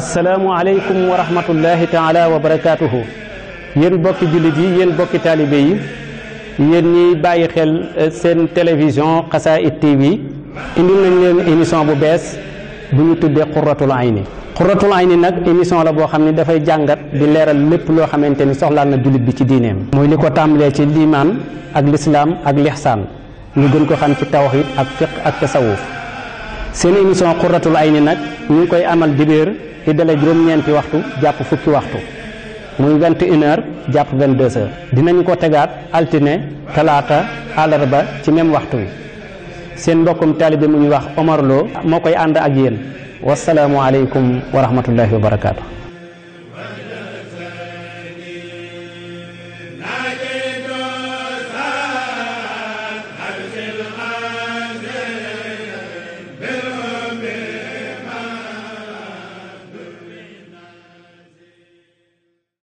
asalaamualeykum wa rahmatullahi taala wa barakaatuhu yéen bokki jullit yi yéen bokki taalibe yi yéen ñiy bàyyi xel eh, seen télévision Xasaa'id TV indil nañ leen émission bu bees bu ñu tuddee Qurratul Ayni Qurratul Ayni nag émission la boo xam ne dafay jàngat di leeral lépp loo xamante ni soxlaal na jullit bi ci diineem mooy li ko tàmbalee ci liimaan ak lislaam ak lixsaan ñu gën ko xam ci tawxiid ak fiq ak tasawuf seen émission ay ayni nag ñu koy amal dibéer di dale juróom-ñeenti waxtu jàpp fukki waxtu muy vingt et une heures jàpp vingt deux heures ko tegaat altine talaata àllarba ci même waxtu wi seen mbokkum taalibe mu ñu wax omarloo moo koy ànd ak yéen wasalaamualeykum wa rahmatullahi wa barakaatu.